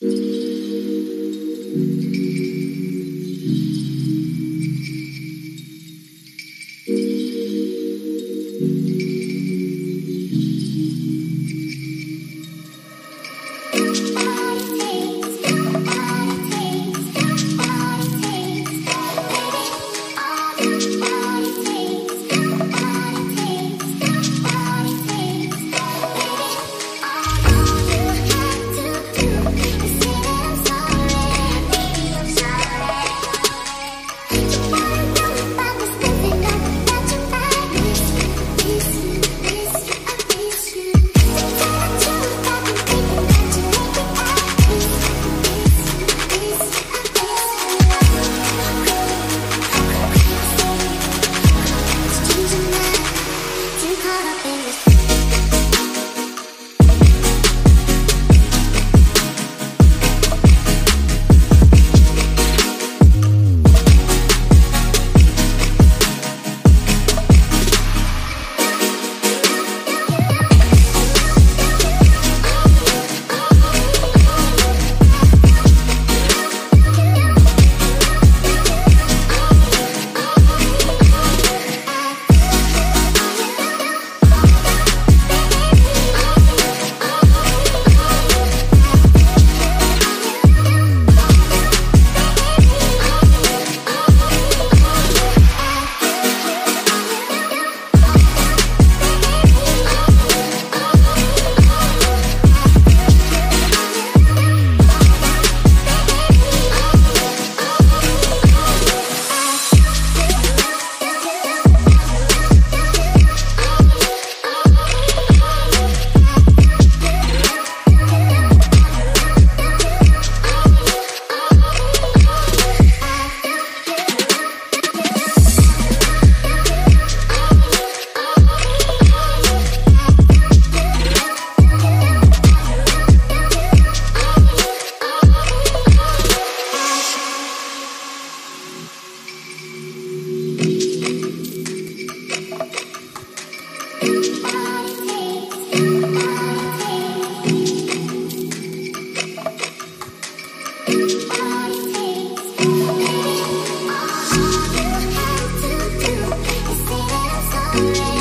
Música Thank you.